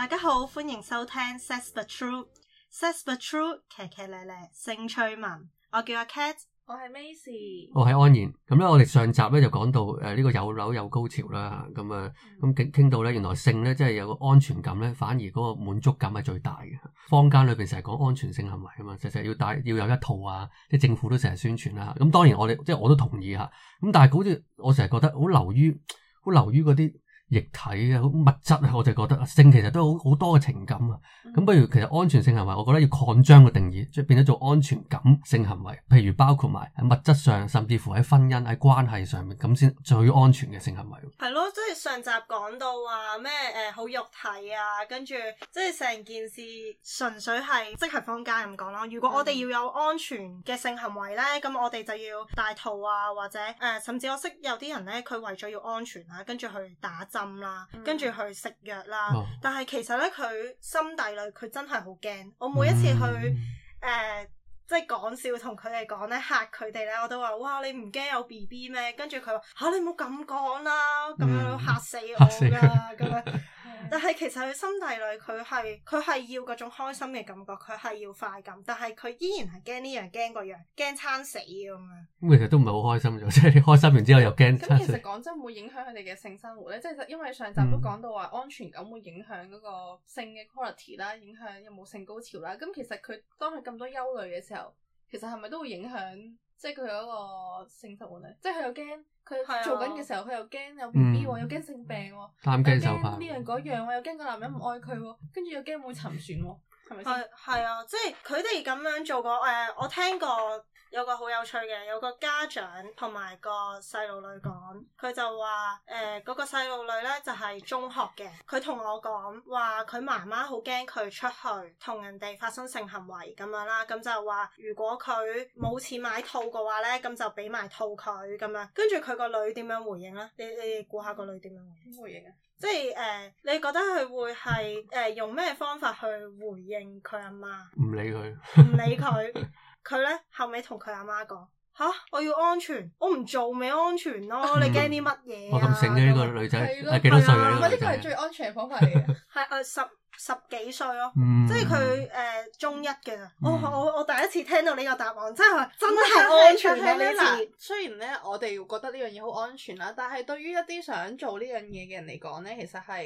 大家好，歡迎收聽 Sex But True，Sex But True，騎騎咧咧性趣文。我叫阿 Cat，我係 Macy，我係、哦、安然。咁咧，我哋上集咧就講到誒，呢個有樓有高潮啦。咁啊，咁傾到咧，原來性咧，即係有個安全感咧，反而嗰個滿足感係最大嘅。坊間裏邊成日講安全性行為啊嘛，成日要帶要有一套啊，即係政府都成日宣傳啦。咁當然我哋即係我都同意吓，咁但係好似我成日覺得好流於，好流於嗰啲。液體啊，好物質啊，我就覺得性其實都好好多嘅情感啊。咁、嗯、不如其實安全性行為，我覺得要擴張個定義，即係變咗做安全感性行為。譬如包括埋物質上，甚至乎喺婚姻喺關係上面咁先最安全嘅性行為。係咯，即、就、係、是、上集講到話咩誒好肉體啊，跟住即係成件事純粹係即係放假咁講咯。如果我哋要有安全嘅性行為咧，咁我哋就要戴套啊，或者誒、呃、甚至我識有啲人咧，佢為咗要安全啊，跟住去打針。咁啦，跟住去食藥啦。藥哦、但係其實咧，佢心底裏佢真係好驚。我每一次去誒、嗯呃，即係講笑同佢哋講咧吓佢哋咧，我都話，哇，你唔驚有 BB 咩？跟住佢話：吓、啊，你唔好咁講啦，咁樣吓、嗯、死我噶咁樣。 但係其實佢心底裏佢係佢係要嗰種開心嘅感覺，佢係要快感，但係佢依然係驚呢樣驚嗰樣驚餐死咁樣。咁其實都唔係好開心咗，即係開心完之後又驚。咁其實講真，會影響佢哋嘅性生活咧，即係因為上集都講到話安全感會影響嗰個性嘅 quality 啦，影響有冇性高潮啦。咁其實佢當佢咁多憂慮嘅時候，其實係咪都會影響？即係佢有一個性質問題，即係佢又驚佢做緊嘅時候，佢是、啊、又驚有 B B 喎，又驚性病喎，擔驚受怕呢樣嗰樣，我又驚個男人唔愛佢喎，跟住又驚會沉船喎，係咪先？係係啊，啊，即係佢哋咁樣做過，誒、呃，我聽過。有個好有趣嘅，有個家長同埋個細路女講，佢就話誒，嗰、呃嗰個細路女呢，就係、是、中學嘅，佢同我講話佢媽媽好驚佢出去同人哋發生性行為咁樣啦，咁就話如果佢冇錢買套嘅話呢，咁就俾埋套佢咁樣。跟住佢個女點樣回應呢？你你估下個女點樣回,回應啊？即係誒、呃，你覺得佢會係誒、呃、用咩方法去回應佢阿媽？唔理佢，唔 理佢。佢咧後尾同佢阿媽講吓，我要安全，我唔做咪安全咯，你驚啲乜嘢啊？啊啊我咁醒嘅。呢個女仔係幾多歲呢、啊啊、呢個係、這個、最安全嘅方法嚟嘅，係誒、 啊、十十幾歲咯、啊，嗯、即係佢誒中一嘅、嗯哦、我我我第一次聽到呢個答案，真係真係安全嗰、啊、啲。嗯、雖然咧我哋覺得呢樣嘢好安全啦，但係對於一啲想做呢樣嘢嘅人嚟講咧，其實係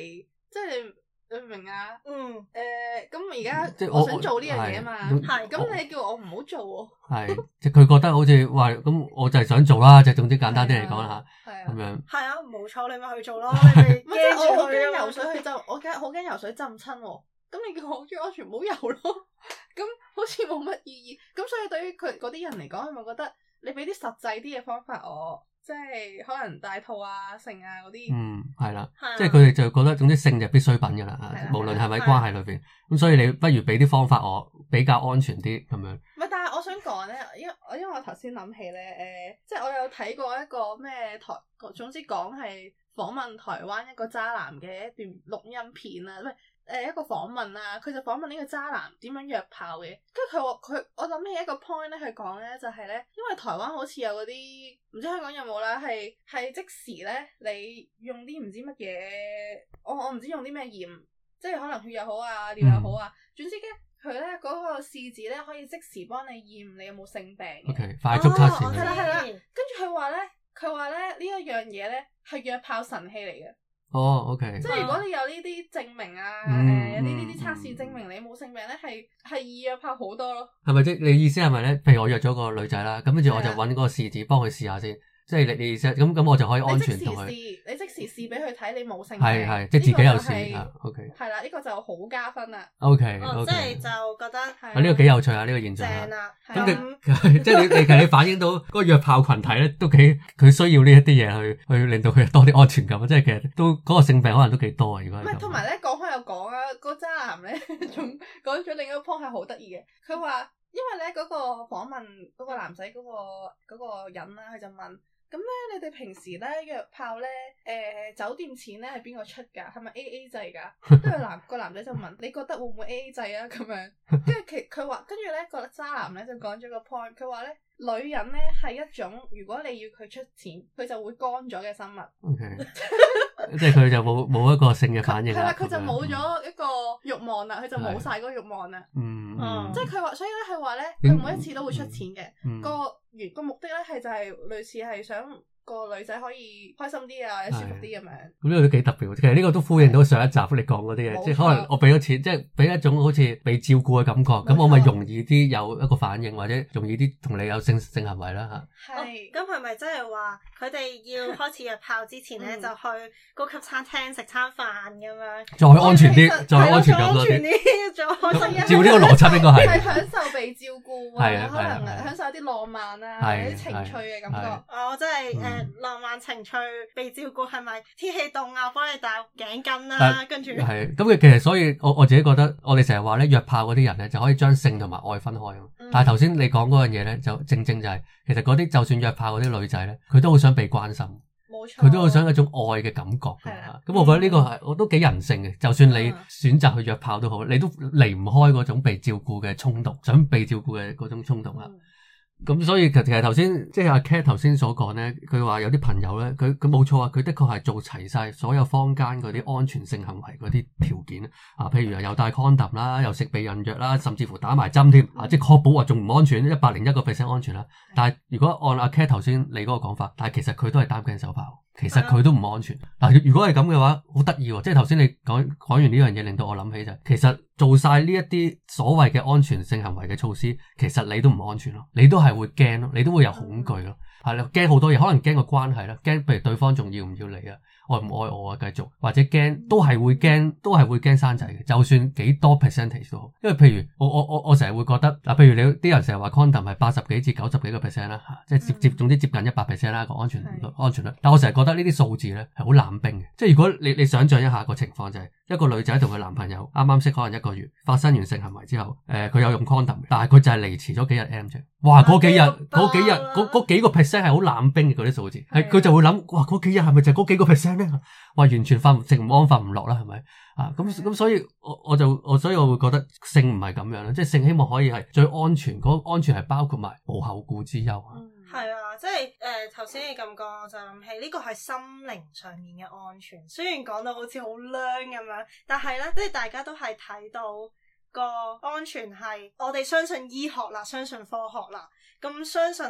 即係。即明唔明啊？嗯，誒、呃，咁而家即係我，我想做呢樣嘢啊嘛，係，咁你叫我唔好做喎、哦，係，即、就、佢、是、覺得好似話，咁我就係想做啦，就係總之簡單啲嚟講啦吓，係啊，咁、啊、樣，係啊，冇錯，你咪去做咯，驚唔驚游水去？佢就我驚好驚游水浸親、哦，咁你叫我好注意安全，唔、哦、 好游咯，咁好似冇乜意義，咁所以對於佢嗰啲人嚟講，係咪覺得你俾啲實際啲嘅方法我？即係可能戴套啊、性啊嗰啲，嗯係啦，的即係佢哋就覺得，總之性就必需品噶啦，的無論係咪關係裏邊，咁的所以你不如俾啲方法我比較安全啲咁樣。唔係，但係我想講咧，因我因為我頭先諗起咧，誒、呃，即係我有睇過一個咩台，總之講係訪問台灣一個渣男嘅一段錄音片啊。誒，一個訪問啊，佢就訪問呢個渣男點樣約炮嘅，跟住佢話佢，我諗起一個 point 咧，佢講咧就係、是、咧，因為台灣好似有嗰啲，唔知香港有冇啦，係係即時咧，你用啲唔知乜嘢，哦，我我唔知用啲咩驗，即係可能血又好啊，尿又好啊，嗯、總之咧，佢咧嗰個試紙咧可以即時幫你驗你有冇性病啊。O K. 快速測試。係啦係啦，嗯、跟住佢話咧，佢話咧呢一樣嘢咧係約炮神器嚟嘅。哦、oh，OK，即係如果你有呢啲證明啊，誒、嗯，有啲呢啲測試證明你冇性病咧，係係易約炮好多咯。係咪即係你意思係咪咧？譬如我約咗個女仔啦，咁跟住我就揾嗰個子試紙幫佢試下先。.即係你你即咁咁我就可以安全同佢你即時試，你俾佢睇，你冇性係係，即係自己有試、啊、，OK，係啦，呢個就好加分啦。OK，即 okay 係、啊這個、就覺得係。呢、啊、的個幾有趣下、啊、呢、這個現象、啊，正啦、啊。咁即係你其實你，你反映到嗰個約炮群體咧，都幾佢需要呢一啲嘢去去令到佢多啲安全感，即係其實都嗰、那個性病可能都幾多啊。如果唔係，同埋咧講開又講啊，那個渣男咧仲講咗另一個 point 係好得意嘅，佢話因為咧嗰、那個訪問嗰、那個男仔嗰、那個嗰、那個人啦、啊，佢就問。咁咧、嗯，你哋平時咧約炮咧，誒、呃，酒店錢咧係邊個出噶？係咪 AA 制噶？跟住 男，個男仔就問：你覺得會唔會 AA 制啊？咁樣，跟住其佢話，跟住咧個渣男咧就講咗個 point，佢話咧。女人咧係一種，如果你要佢出錢，佢就會乾咗嘅生物。O Okay . K， 即係佢就冇冇一個性嘅反應。係啦，佢就冇咗一個欲望啦，佢就冇晒嗰個慾望啦。嗯，嗯即係佢話，所以咧佢話咧，佢每一次都會出錢嘅。嗯嗯、個原個目的咧係就係、是、類似係想，個女仔可以開心啲啊，舒服啲咁樣。咁呢個都幾特別，其實呢個都呼應到上一集你講嗰啲嘢，即係可能我俾咗錢，即係俾一種好似被照顧嘅感覺，咁我咪容易啲有一個反應，或者容易啲同你有性性行為啦吓。係，咁係咪真係話佢哋要開始約炮之前咧，就去高級餐廳食餐飯咁樣，再安全啲，再安全感多啲。再安全。照呢個邏輯應該係。係享受被照顧啊，可能享受一啲浪漫啦，有啲情趣嘅感覺。我真係。嗯、浪漫情趣、被照顧，係咪天氣凍啊？幫你戴頸巾啦、啊，跟住係咁嘅。其實所以我我自己覺得我，我哋成日話咧，約炮嗰啲人咧就可以將性同埋愛分開啊。嗯、但係頭先你講嗰樣嘢咧，就正正就係、是，其實嗰啲就算約炮嗰啲女仔咧，佢都好想被關心，佢冇錯都好想有一種愛嘅感覺。咁的、嗯、我覺得呢個係我都幾人性嘅。就算你選擇去約炮都好，你都離唔開嗰種被照顧嘅衝動，想被照顧嘅嗰種衝動啦。嗯咁所以其實係頭先，即係阿 K 頭先所講咧，佢話有啲朋友咧，佢佢冇錯啊，佢的確係做齊晒所有坊間嗰啲安全性行為嗰啲條件啊，譬如又戴 condom 啦，又食避孕藥啦，甚至乎打埋針添啊，即係確保話仲唔安全，一百零一個 percent 安全啦。但係如果按阿 K 頭先你嗰個講法，但係其實佢都係擔驚受怕。其實佢都唔安全。嗱，如果係咁嘅話，好得意喎。即係頭先你講講完呢樣嘢，令到我諗起就係，其實做晒呢一啲所謂嘅安全性行為嘅措施，其實你都唔安全咯。你都係會驚咯，你都會有恐懼咯，係咯，驚好多嘢，可能驚個關係咯，驚譬如對方仲要唔要你啊？愛唔愛我啊？我繼續或者驚都係會驚，都係會驚生仔嘅。就算幾多 percent 都好，因為譬如我我我我成日會覺得嗱，譬如你啲人成日話 condom 係八十幾至九十幾個 percent 啦嚇，即係接接、嗯、總之接近一百 percent 啦個安全率是安全率。但我成日覺得呢啲數字咧係好冷冰嘅。即係如果你你想象一下一個情況就係、是、一個女仔同佢男朋友啱啱識可能一個月發生完性行為之後，誒、呃、佢有用 condom，但係佢就係離遲咗幾日 m 嘅。哇！嗰幾日嗰幾日嗰嗰幾個 percent 係好冷冰嘅嗰啲數字，係佢就會諗哇嗰幾日係咪就係嗰幾個 percent？話完全瞓食唔安，瞓唔落啦，係咪？啊，咁、嗯、咁、嗯嗯，所以我我就我所以我會覺得性唔係咁樣啦，即係性希望可以係最安全，嗰個安全係包括埋無後顧之憂。係、嗯、啊，即係誒，頭、呃、先你咁講，我就諗起呢、這個係心靈上面嘅安全。雖然講到好似好靚咁樣，但係咧，即係大家都係睇到個安全係，我哋相信醫學啦，相信科學啦，咁相信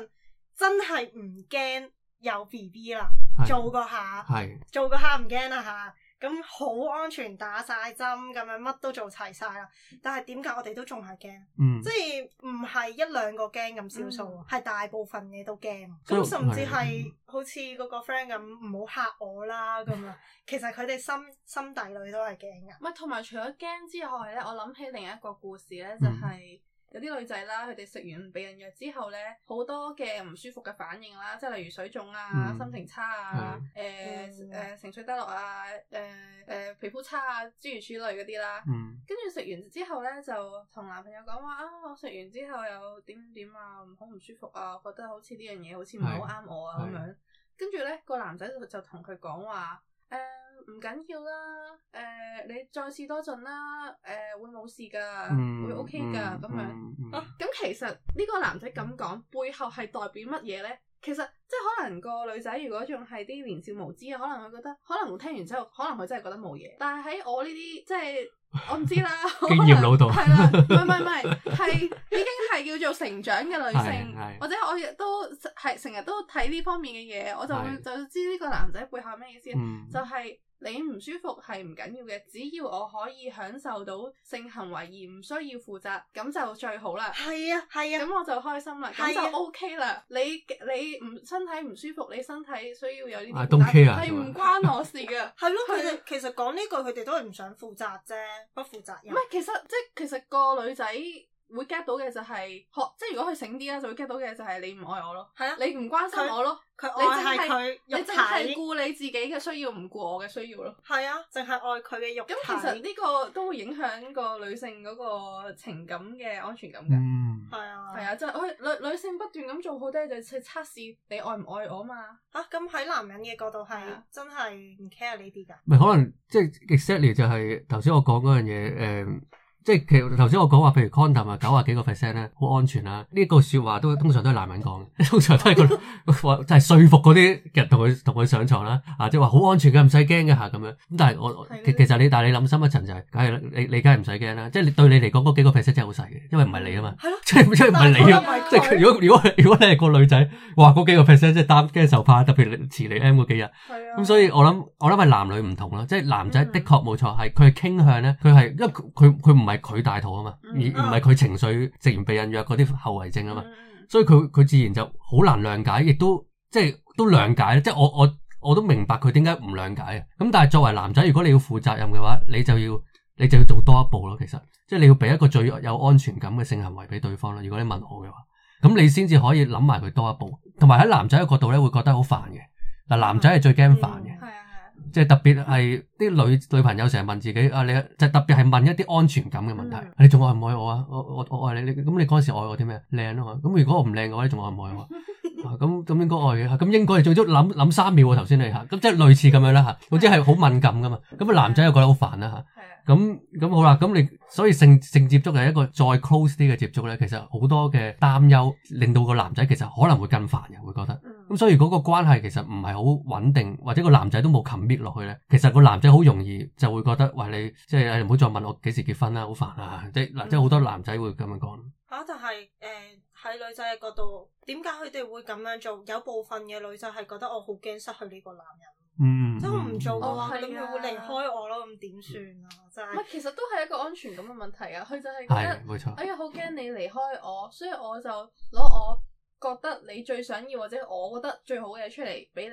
真係唔驚。有 B B 啦，是做個下，是做個下唔驚啦吓，咁好安全，打晒針咁樣乜都做齊晒啦。但係點解我哋都仲係驚？嗯、即係唔係一兩個驚咁少數，係、嗯、大部分嘢都驚。咁、嗯、甚至係好似嗰個 friend 咁，唔好吓我啦咁啊。其實佢哋心心底裏都係驚嘅。咪同埋除咗驚之外咧，我諗起另一個故事咧就係、是嗯。有啲女仔啦，佢哋食完避孕藥之後咧，好多嘅唔舒服嘅反應啦，即係例如水腫啊、嗯、心情差啊、誒誒情緒低落啊、誒、呃、誒、呃、皮膚差啊諸如此類嗰啲啦。跟住食完之後咧，就同男朋友講話啊，我食完之後又點點啊，好唔舒服啊，覺得好似呢樣嘢好似唔係好啱我啊咁樣。跟住咧個男仔就同佢講話誒。啊唔緊要啦，誒，你再試多陣啦，誒，會冇事噶，會 OK 噶咁樣。咁其實呢個男仔咁講背後係代表乜嘢咧？其實即係可能個女仔如果仲係啲年少無知啊，可能佢覺得，可能聽完之後，可能佢真係覺得冇嘢。但係喺我呢啲即係我唔知啦，經驗老道係啦，唔係唔係係已經係叫做成長嘅女性，或者我亦都係成日都睇呢方面嘅嘢，我就會就知呢個男仔背後係咩意思，就係。你唔舒服係唔緊要嘅，只要我可以享受到性行為而唔需要負責，咁就最好啦。係啊，係啊，咁我就開心啦，咁、啊、就 OK 啦。你你唔身體唔舒服，你身體需要有呢啲係唔關我事嘅。係咯，佢哋其實講呢句，佢哋都係唔想負責啫，不負責任。唔係，其實即係其實個女仔。會 get 到嘅就係、是，即係如果佢醒啲啦，就會 get 到嘅就係你唔愛我咯。啊、你唔關心我咯。佢愛係佢。你淨係顧你自己嘅需要。唔顧我嘅需要咯。係啊，淨係愛佢嘅欲。咁其實呢個都會影響個女性嗰個情感嘅安全感嘅。係、嗯、啊，係啊，就係、是、女女性不斷咁做好多嘢去測試你愛唔愛我啊嘛。吓、啊，咁喺男人嘅角度係真係唔 care 呢啲噶。咪、啊、可能即係 exactly 就係頭先我講嗰樣嘢誒。嗯即係其實頭先我講話，譬如 condom 啊九啊幾個 percent 咧，好安全啦，啊。呢、這個説話都通常都係男人講嘅，通常都係個即就係說服嗰啲人同佢同佢上床啦，啊。啊，即係話好安全嘅，唔使驚嘅吓。咁樣。咁但係我其的其實你但係你諗深一層就係、是，梗係你你梗係唔使驚啦。即係對你嚟講嗰幾個 percent 真係好細嘅，因為唔係你啊嘛。即係唔係你啊？即係 如果如果如果你係個女仔，話嗰幾個 percent 真係擔驚受怕，特別你遲你 M 嗰幾日。咁的所以我諗 我諗係男女唔同啦。即係男仔的確冇錯係佢係傾向咧，佢係因為佢佢唔係。佢大肚啊嘛，而唔係佢情緒食完避孕藥嗰啲後遺症啊嘛，所以佢佢自然就好難諒解，亦都即係都諒解。即係我我我都明白佢點解唔諒解啊。咁但係作為男仔，如果你要負責任嘅話，你就要你就要做多一步咯。其實即係、就是、你要俾一個最有安全感嘅性行為俾對方咯。如果你問我嘅話，咁你先至可以諗埋佢多一步。同埋喺男仔嘅角度咧，會覺得好煩嘅嗱，男仔係最驚煩嘅。即係特別係啲女女朋友成日問自己啊，你即係、特別係問一啲安全感嘅問題。嗯、你仲愛唔愛我啊？我我我愛你，你咁你嗰陣時愛我啲咩？靚咯，啊，咁如果我唔靚嘅話，你仲愛唔愛我？咁咁，嗯嗯嗯嗯、應該愛嘅。咁應該係最足諗諗三秒喎。頭先你嚇。咁、嗯、即係類似咁樣啦嚇。或者係好敏感噶嘛。咁、嗯、啊男仔又覺得煩，嗯嗯嗯嗯、好煩啦嚇。咁咁好啦，咁你所以性性接觸係一個再 close 啲嘅接觸咧，其實好多嘅擔憂令到個男仔其實可能會更煩嘅，會覺得。咁、嗯、所以嗰個關係其實唔係好穩定，或者個男仔都冇 commit 落去咧，其實個男仔好容易就會覺得話你即係唔好再問我幾時結婚啦，啊，好煩啊！即係嗱，即係好多男仔會咁樣講。吓，但係誒喺女仔嘅角度，點解佢哋會咁樣做？有部分嘅女仔係覺得我好驚失去呢個男人，嗯，即係唔做嘅話，咁佢會離開我咯，咁點算啊？真係其實都係一個安全感嘅問題啊！佢就係冇錯哎呀，好驚你離開我，所以我就攞我。覺得你最想要或者我覺得最好嘅嘢出嚟俾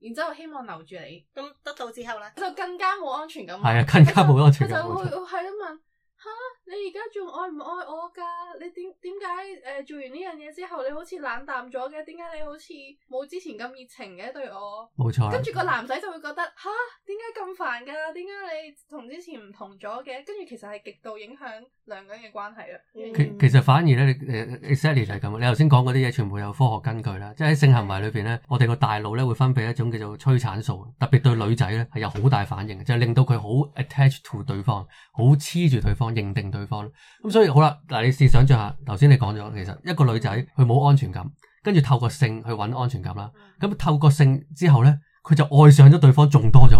你，然之後希望留住你，咁得到之後咧就更加冇安全感。係啊， 更加冇安全感。就佢佢係咁吓！你而家仲愛唔愛我噶？你點點解誒做完呢樣嘢之後，你好似冷淡咗嘅？點解你好似冇之前咁熱情嘅對我？冇錯、啊。跟住個男仔就會覺得吓，點解咁煩噶？點解你同之前唔同咗嘅？跟住其實係極度影響兩個人嘅關係啦。其、嗯、其實反而咧，你誒，Isaiah 係咁，exactly like、that, 你頭先講嗰啲嘢全部有科學根據啦。即係喺性行為裏邊咧，我哋個大腦咧會分泌一種叫做催產素，特別對女仔咧係有好大反應，就是，令到佢好 attach to 對方，好黐住對方。認定對方，咁所以好啦，嗱，你試想象下，頭先你講咗，其實一個女仔佢冇安全感，跟住透過性去揾安全感啦，咁透過性之後呢，佢就愛上咗對方仲多咗，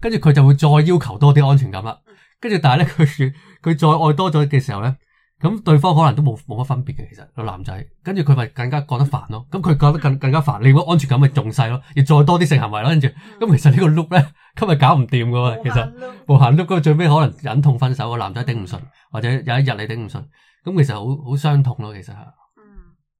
跟住佢就會再要求多啲安全感啦，跟住但係呢，佢佢再愛多咗嘅時候呢。咁對方可能都冇冇乜分別嘅，其實個男仔，跟住佢咪更加覺得煩咯。咁佢 覺得更更加煩，你如果安全感咪仲細咯，要再多啲性行為咯，跟住咁、嗯嗯、其實個呢個碌咧，今日搞唔掂嘅喎。嗯、其實無限碌嗰個最尾可能忍痛分手，個男仔頂唔順，嗯、或者有一日你頂唔順，咁其實好好傷痛咯，其實係。嗯，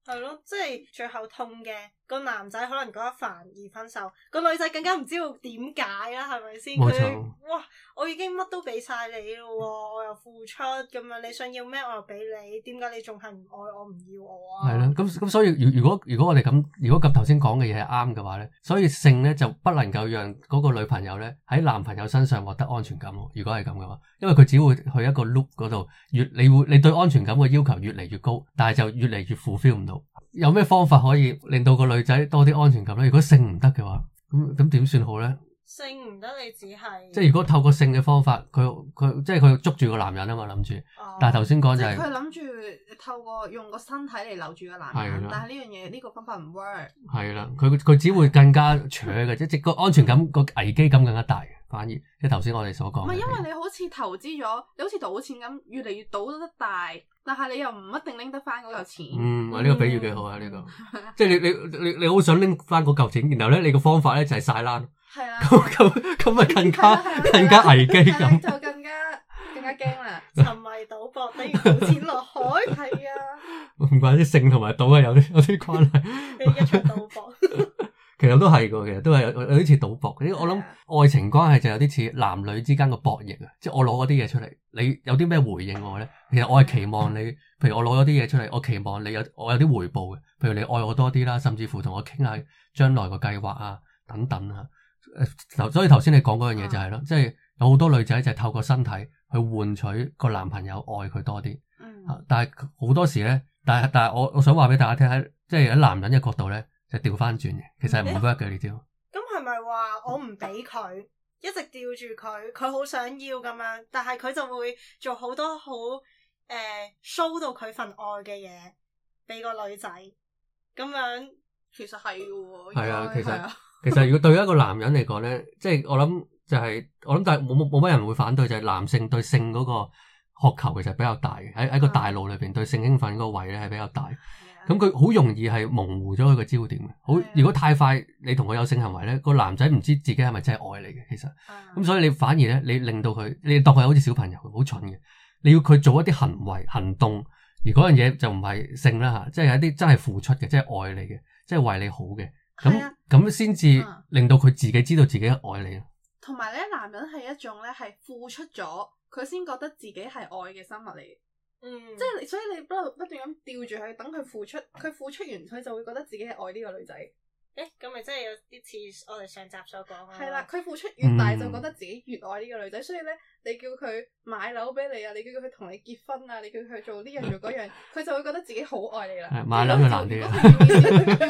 係咯。即係最後痛嘅個男仔可能覺得煩而分手，個女仔更加唔知道點解啦，係咪先？佢沒錯 哇，我已經乜都俾晒你咯，我又付出咁樣，你想要咩我又俾你，點解你仲係唔愛我唔要我啊？係咯，咁咁所以，如如果如果我哋咁，如果及頭先講嘅嘢係啱嘅話咧，所以性咧就不能夠讓嗰個女朋友咧喺男朋友身上獲得安全感咯。如果係咁嘅話，因為佢只會去一個 loop 嗰度，越你會你對安全感嘅要求越嚟越高，但係就越嚟越 fulfill 唔到。有咩方法可以令到個女仔多啲安全感咧？如果性唔得嘅話，咁咁點算好咧？呢性唔得，你只係即係如果透過性嘅方法，佢佢即係佢捉住個男人啊嘛，諗住。哦、但係頭先講就係佢諗住透過用個身體嚟留住個男人，的但係呢樣嘢呢個方法唔 work。係啦，佢佢只會更加扯嘅，即係個安全感、個 危機感更加大，反而即係頭先我哋所講。唔係因為你好似投資咗，你好似賭錢咁，越嚟越,越賭得大。但係你又唔一定拎得翻嗰嚿錢。嗯，哇、啊、呢、這個比喻幾好啊呢、嗯、個，即係你你你你好想拎翻嗰嚿錢，然後咧你個方法咧就係、是、晒冷。係啦是、啊。咁咁咁咪，更加更加危機咁。就更加更加驚啦！沉迷賭博，等於俾錢落海，係啊。唔 怪之性同埋賭啊，有啲有啲關係。 你一場賭博。 其實，其實都係，個其實都係有有啲似賭博。啲我諗愛情關係就有啲似男女之間嘅博弈啊！即係我攞嗰啲嘢出嚟，你有啲咩回應我咧？其實我係期望你，譬如我攞咗啲嘢出嚟，我期望你有我有啲回報嘅。譬如你愛我多啲啦，甚至乎同我傾下將來個計劃啊，等等啊。誒，所以頭先你講嗰樣嘢就係、是、咯，嗯、即係有好多女仔就係透過身體去換取個男朋友愛佢多啲。嗯。但係好多時咧，但係但係我我想話俾大家聽，即係喺男人嘅角度咧。調翻轉嘅，其實係唔 work 嘅呢啲。咁係咪話我唔俾佢一直吊住佢，佢好想要咁樣，但係佢就會做好多好，誒、呃、show 到佢份愛嘅嘢，俾個女仔咁樣。其實係喎。係啊其，其實其實如果對一個男人嚟講咧， 即係我諗就係、是、我諗，但係冇冇乜人會反對，就係、是、男性對性嗰個渴求其實比較大，喺喺個大腦裏邊、嗯、對性興奮嗰個位咧係比較大。咁佢好容易係模糊咗佢個焦點嘅。好，係啊。如果太快你同佢有性行為咧，個男仔唔知自己係咪真係愛你嘅，其實。啊。咁所以你反而咧，你令到佢，你當佢好似小朋友，好蠢嘅。你要佢做一啲行為行動，而嗰樣嘢就唔係性啦嚇，即係有一啲真係付出嘅，即係愛你嘅，即係為你好嘅。係啊。咁先至令到佢自己知道自己愛你。同埋咧，男人係一種咧係付出咗，佢先覺得自己係愛嘅生物嚟。嗯即，即係所以你不斷不斷咁吊住佢，等佢付出，佢付出完，佢就會覺得自己係愛呢個女仔。誒，咁咪真係有啲似我哋上集所講咯。係啦，佢付出越大，就覺得自己越愛呢個女仔。嗯、所以咧，你叫佢買樓俾你啊，你叫佢同你結婚啊，你叫佢做呢樣做嗰樣，佢 就會覺得自己好愛你啦。買樓就難啲。如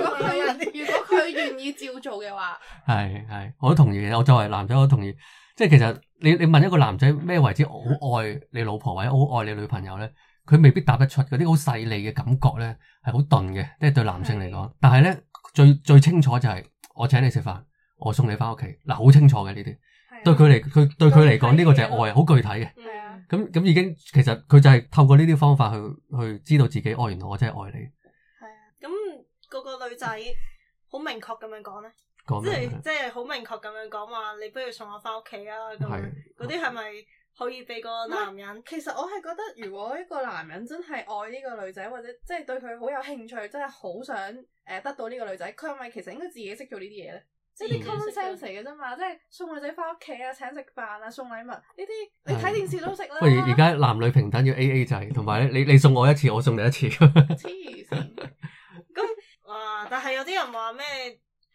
果佢 如果佢 願意照做嘅話，係係，我都同意嘅。我作為男仔，我都同意。即係其實你你問一個男仔咩為之好愛你老婆或者好愛你女朋友咧，佢未必答得出。嗰啲好細膩嘅感覺咧，係好鈍嘅，即係對男性嚟講。但係咧。最最清楚就係我請你食飯，我送你返屋企，嗱、啊、好清楚嘅呢啲，對佢嚟佢對佢嚟講呢個就係愛，好具體嘅。咁咁、啊、已經其實佢就係透過呢啲方法去去知道自己愛、哦，原來我真係愛你。係啊，咁、那、嗰個女仔好明確咁樣講咧，即係即係好明確咁樣講話，你不如送我返屋企啊！咁嗰啲係咪？的可以俾個男人。啊、其實我係覺得，如果一個男人真係愛呢個女仔，或者即係對佢好有興趣，真係好想誒得到呢個女仔，佢係咪其實應該自己識做呢啲嘢咧？呢啲 common sense 嚟嘅啫嘛，即係、就是、送女仔翻屋企啊、請食飯啊、送禮物呢啲，你睇電視都識啦。而而家男女平等要 A A 制，同埋你你送我一次，我送你一次。黐 線！咁啊，但係有啲人話咩？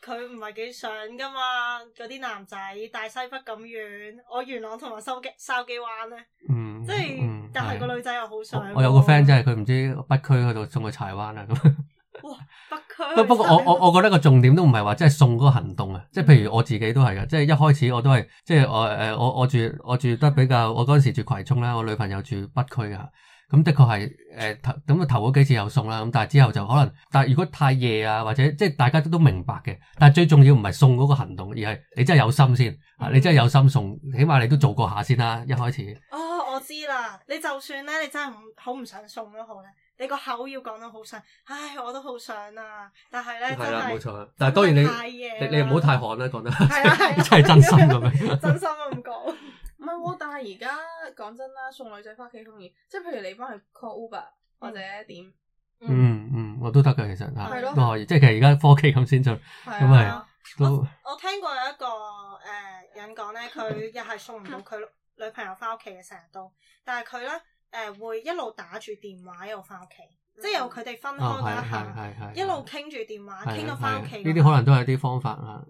佢唔係幾想噶嘛，嗰啲男仔大西北咁遠，我元朗同埋筲箕筲箕灣咧，嗯、即係、嗯、但係個女仔又好想我。我有個 friend 真係佢唔知北區嗰度送去柴灣啦咁。哇！北區 不過我我我覺得個重點都唔係話即係送嗰個行動啊，嗯、即係譬如我自己都係嘅，嗯、即係一開始我都係即係我誒我、呃、我住我住得比較，我嗰陣時住葵涌啦，我女朋友住北區噶。咁的確係誒頭咁啊頭嗰幾次又送啦，咁但係之後就可能，但係如果太夜啊，或者即係大家都明白嘅。但係最重要唔係送嗰個行動，而係你真係有心先，嗯、你真係有心送，起碼你都做過下先啦，一開始。哦，我知啦，你就算咧，你真係唔好唔想送都好咧，你個口要講得好想，唉，我都好想啊，但係咧的真係太夜你，你你唔好太寒啦，講得真係真心咁樣，真， 真心啊咁講。唔係喎，但係而家講真啦，送女仔翻屋企好容易，即係譬如你幫佢 call Uber 或者點，嗯嗯的，我都得㗎，其實係咯，都可以，即係其實而家科技咁先進，咁啊都。我聽過有一個誒人講咧，佢又係送唔到佢女朋友翻屋企嘅成日都，但係佢咧誒會一路打住電話一路翻屋企。即係由佢哋分開一下，哦、一路傾住電話，傾到翻屋企。呢啲可能都係啲方法啦，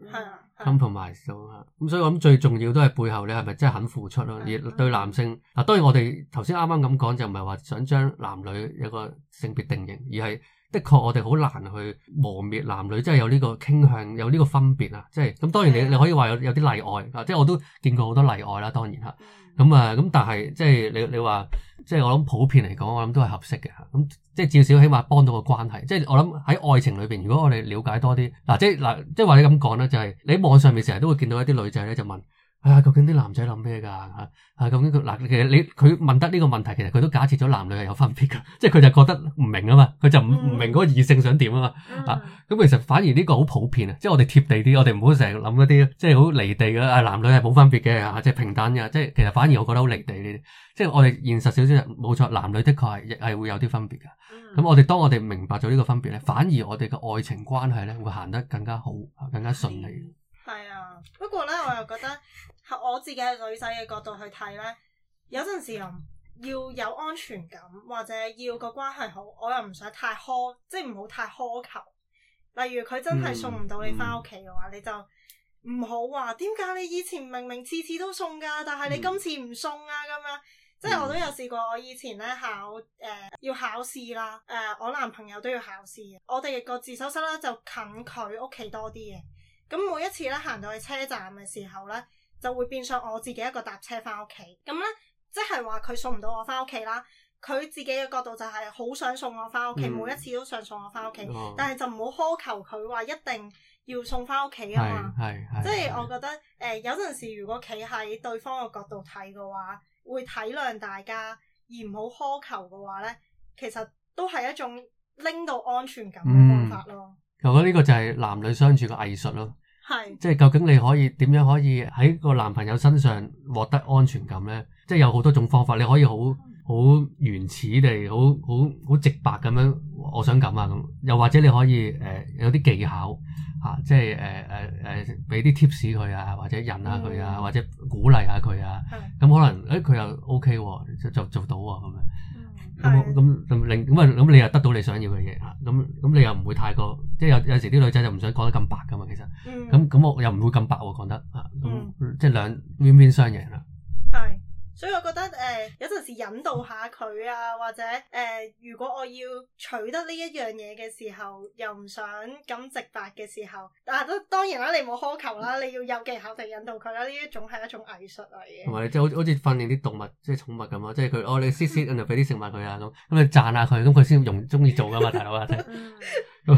咁同埋做啦。咁所以我諗最重要都係背後你係咪真係肯付出咯？對對而對男性，嗱當然我哋頭先啱啱咁講就唔係話想將男女有一個性別定型，而係。的確我哋好難去磨滅男女，即係有呢個傾向，有呢個分別啊！即係咁，當然你你可以話有有啲例外啊，即係我都見過好多例外啦。當然吓，咁啊，咁但係即係你你話，即係我諗普遍嚟講，我諗都係合適嘅吓。咁即係至少起碼幫到個關係。即係我諗喺愛情裏邊，如果我哋了解多啲嗱、啊，即係嗱、啊，即係話你咁講啦，就係、是、你喺網上面成日都會見到一啲女仔咧就問。啊、哎，究竟啲男仔諗咩噶？啊，啊，究竟佢嗱，其實你佢問得呢個問題，其實佢都假設咗男女係有分別噶，即係佢就覺得唔明啊嘛，佢就唔、嗯、明嗰個異性想點啊嘛，啊，咁、嗯嗯、其實反而呢個好普遍啊，即係我哋貼地啲，我哋唔好成日諗一啲即係好離地嘅，啊，男女係冇分別嘅啊，即、就、係、是、平等嘅，即係其實反而我覺得好離地呢啲，即係我哋現實少少，冇錯，男女的確係係會有啲分別噶。咁、嗯嗯、我哋當我哋明白咗呢個分別咧，反而我哋嘅愛情關係咧會行得更加好，更加順利。係啊，不過咧，我又覺得係我自己係女仔嘅角度去睇咧，有陣時又要有安全感，或者要個關係好，我又唔想太苛，即係唔好太苛求。例如佢真係送唔到你翻屋企嘅話，嗯、你就唔好話點解你以前明明次次都送噶，但係你今次唔送啊咁樣。即係我都有試過，我以前咧考誒、呃、要考試啦，誒、呃、我男朋友都要考試嘅，我哋個自修室咧就近佢屋企多啲嘅。咁每一次咧行到去車站嘅時候咧，就會變相我自己一個搭車翻屋企。咁咧，即係話佢送唔到我翻屋企啦。佢自己嘅角度就係好想送我翻屋企，嗯、每一次都想送我翻屋企，哦、但係就唔好苛求佢話一定要送翻屋企啊嘛。係。即係我覺得誒、呃，有陣時如果企喺對方嘅角度睇嘅話，會體諒大家，而唔好苛求嘅話咧，其實都係一種拎到安全感嘅方法咯。嗯我覺得呢個就係男女相處嘅藝術咯，係是，即係究竟你可以點樣可以喺個男朋友身上獲得安全感咧？即係有好多種方法，你可以好好原始地好好好直白咁樣，我想咁啊咁。又或者你可以誒、呃、有啲技巧嚇、啊，即係誒誒誒，俾啲 tips 佢啊，或者引下佢啊，嗯、或者鼓勵下佢啊，咁可能誒佢又 O K 喎，就就做到啊咁樣。咁你又得到你想要嘅嘢嚇，咁你又唔會太過，即係有有時啲女仔就唔想講得咁白㗎嘛，其實，咁、嗯、我又唔會咁白喎、啊，講得嚇，嗯、即係兩邊邊雙贏啦。係。所以，我覺得誒有陣時引導下佢啊，或者誒，如果我要取得呢一樣嘢嘅時候，又唔想咁直白嘅時候，嗱都當然啦，你冇苛求啦，你要有技巧性引導佢啦，呢種係一種藝術嚟嘅。同埋，即係好似好似訓練啲動物，即係寵物咁啊，即係佢哦，你 sit 俾啲食物佢啊，咁咁你贊下佢，咁佢先容中意做噶嘛，大佬啊！呢個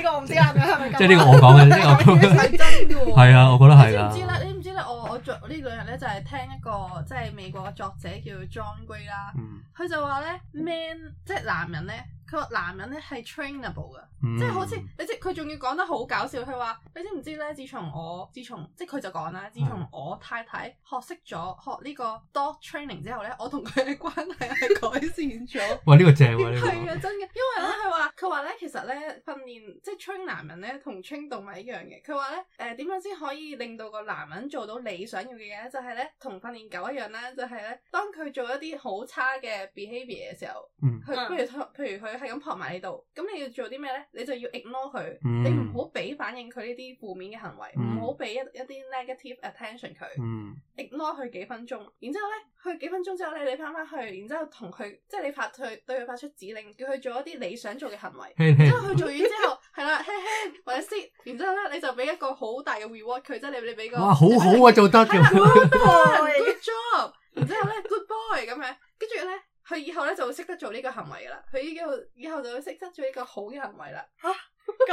呢個我唔知啊，係咪即係呢個我講嘅，呢個都係真嘅。係啊，我覺得係啊。即係我我著呢兩日咧，就係、是、聽一個即係、就是、美國嘅作者叫 John Gray 啦，佢就話咧 man 即係男人咧。佢話男人咧係 trainable 嘅，train 嗯、即係好似你即佢仲要講得好搞笑，佢話你知唔知咧？自從我自從即係佢就講啦，嗯、自從我太太學識咗學呢個 dog training 之後咧，我同佢嘅關係係改善咗。哇！呢、呢個正喎，係啊、呢個、真嘅，因為咧佢話佢話咧其實咧訓練即係 train 男人咧同 train 動物一樣嘅。佢話咧誒點樣先可以令到個男人做到你想要嘅嘢咧？就係咧同訓練狗一樣啦，就係、是、咧當佢做一啲好差嘅 behaviour 嘅時候，佢、嗯、不如譬如佢。係咁撲埋呢度，咁你要做啲咩咧？你就要 ignore 佢，你唔好俾反應佢呢啲負面嘅行為，唔好俾一一啲 negative attention 佢，ignore 佢幾分鐘，然之後咧，佢幾分鐘之後咧，你翻翻去，然之後同佢即係你發佢對佢發出指令，叫佢做一啲你想做嘅行為，然之後佢做完之後，係啦，hand hand 或者 sit，然之後咧你就俾一個好大嘅 reward 佢，即係你你俾個哇好好啊做得嘅，good job，然之後咧 good boy 咁樣。以後咧就會識得做呢個行為噶啦，佢依個以後就會識得做呢個,個好嘅行為啦。啊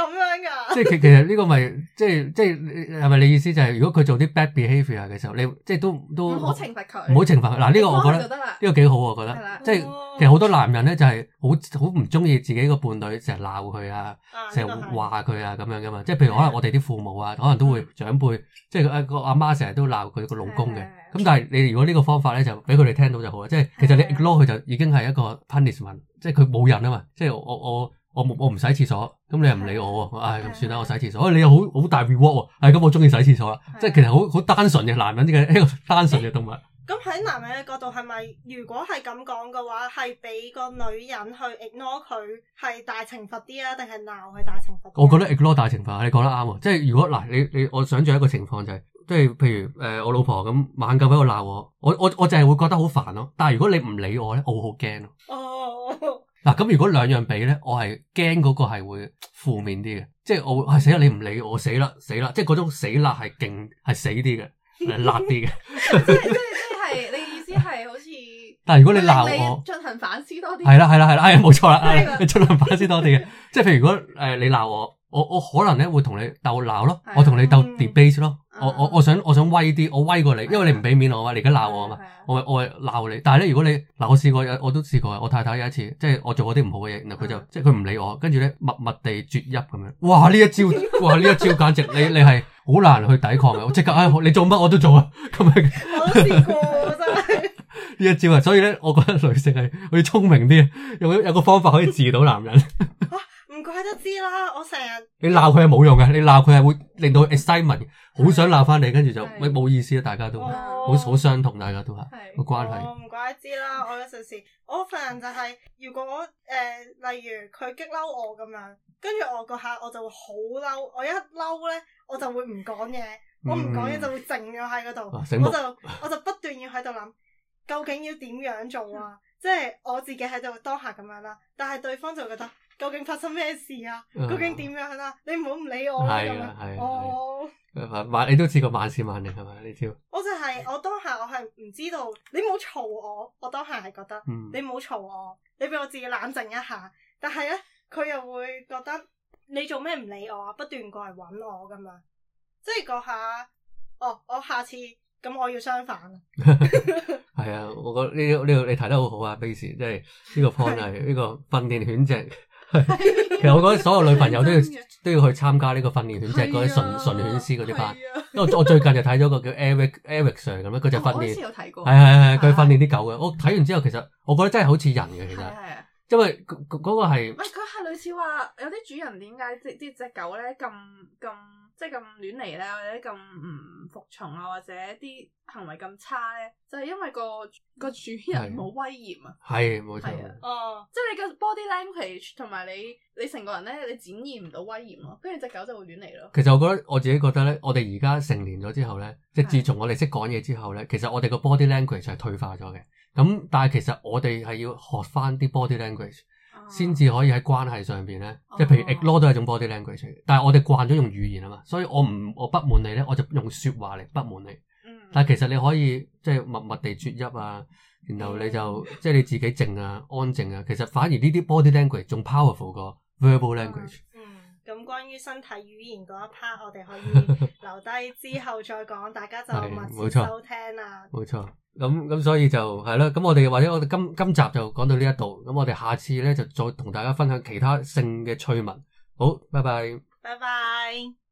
咁樣噶，即係其其實呢個咪即係即係係咪你意思就係如果佢做啲 bad behaviour 嘅時候，你即係都都好懲罰佢，唔好懲罰佢。嗱呢個我覺得呢個幾好，我覺得即係其實好多男人咧就係好好唔中意自己個伴侶成日鬧佢啊，成日話佢啊咁樣噶嘛。即係譬如可能我哋啲父母啊，可能都會長輩，即係個阿媽成日都鬧佢個老公嘅。咁但係你如果呢個方法咧就俾佢哋聽到就好啦。即係其實你 ignore 佢就已經係一個 punishment，即係佢冇人啊嘛。即係我我。我我唔洗廁所，咁你又唔理我喎？的唉，咁算啦，我洗廁所，哎。你有好好大 reward 喎，啊？係、哎、咁，我中意洗廁所啦。的即係其實好好單純嘅男人，呢個一個單純嘅動物。咁喺、欸、男人嘅角度係咪？如果係咁講嘅話，係俾個女人去 ignore 佢，係大懲罰啲啊？定係鬧佢大懲罰？我覺得 ignore 大懲罰，你講得啱啊！即係如果嗱，你你我想象一個情況就係、是，即係譬如誒、呃、我老婆咁猛咁喺度鬧我，我我我，我就係會覺得好煩咯。但係如果你唔理我咧，我會好驚咯。 嗱，咁如果兩樣比咧，我係驚嗰個係會負面啲嘅，即係我係、哎、死啦，你唔理我死啦，死啦，即係嗰種死辣係勁係死啲嘅， 辣啲嘅。 即係即係即係，你意思係好似？ 但係如果你鬧我，進行反思多啲。係啦係啦係啦，哎，冇錯啦，你進行反思多啲嘅，即係譬如如果誒你鬧我，我我可能咧會同你鬥鬧咯， 我同你鬥 debate 咯。我我我想我想威啲，我威過你，因為你唔俾面我嘛，你而家鬧我啊嘛，我我鬧你。但係咧，如果你嗱，我試過有，我都試過啊。我太太有一次，即係我做嗰啲唔好嘅嘢，然後佢就、嗯、即係佢唔理我，跟住咧默默地啜泣咁樣。哇，呢一招， 哇呢一招簡直你你係好難去抵抗嘅。我即刻啊、哎，你做乜我都做啊，咁樣。 我試過，真係呢一招啊！所以咧，我覺得女性係可以聰明啲，有有個方法可以治到男人。唔、 啊、怪得之啦，我成日你鬧佢係冇用嘅，你鬧佢係會令到 excitement。好想鬧翻你，跟住就咪冇的意思啊！大家都好好相同，哦、大家都係冇的關係。唔怪得知啦，我有陣時，我份人就係、是、如果誒、呃，例如佢激嬲我咁樣，跟住我個下我就會好嬲，我一嬲咧，我就會唔講嘢，嗯、我唔講嘢就會靜咗喺嗰度，目我就我就不斷要喺度諗，究竟要點樣做啊？即係、嗯、我自己喺度當下咁樣啦，但係對方就覺得。究竟發生咩事啊？究竟點樣啦、啊？ 你唔好唔理我咁樣，哦，你都試過萬事萬靈係咪你知？我、， 嗯、 我就係、是、我當下我係唔知道，你冇嘈我，我當下係覺得你冇嘈我，你俾我自己冷靜一下。但係咧，佢又會覺得你做咩唔理我啊？不斷過嚟搵我咁樣，即係嗰下，哦，我下次咁我要相反。係 啊，我覺呢呢個你提得好好啊，Baze，即係呢個 point 係呢個訓練犬隻。係，其實我覺得所有女朋友都要都要去參加呢個訓練犬隻嗰啲純純犬師嗰啲班，因為我我最近就睇咗個叫 Eric Eric Sir 咁樣，佢就訓練，係係係，佢訓練啲狗嘅，我睇完之後，其實我覺得真係好似人嘅，其實，係，因為嗰、那個係，喂，佢係類似話有啲主人點解啲啲隻狗咧咁咁。即係咁亂嚟咧，或者咁唔服從啊，或者啲行為咁差咧，就係、是、因為個個主人冇威嚴啊，係冇錯啊，即係、哦、你個 body language 同埋你你成個人咧，你展現唔到威嚴咯，跟住隻狗就會亂嚟咯。其實我覺得我自己覺得咧，我哋而家成年咗之後咧，即係自從我哋識講嘢之後咧，的其實我哋個 body language 係退化咗嘅。咁但係其實我哋係要學翻啲 body language。先至可以喺關係上邊咧，哦、即係譬如 ignore 都係一種 body language，哦、但係我哋慣咗用語言啊嘛，所以我唔我不滿你咧，我就用説話嚟不滿你。嗯、但係其實你可以即係默默地啜泣啊，然後你就、嗯、即係你自己靜啊、安靜啊。其實反而呢啲 body language 仲 powerful 過 verbal language，嗯。嗯。咁關於身體語言嗰一 part，我哋可以留低 之後再講，大家就密切收聽啦。冇錯，咁咁所以就係咯，咁我哋或者我哋今今集就講到呢一度，咁我哋下次咧就再同大家分享其他性嘅趣聞。好，拜拜，拜拜。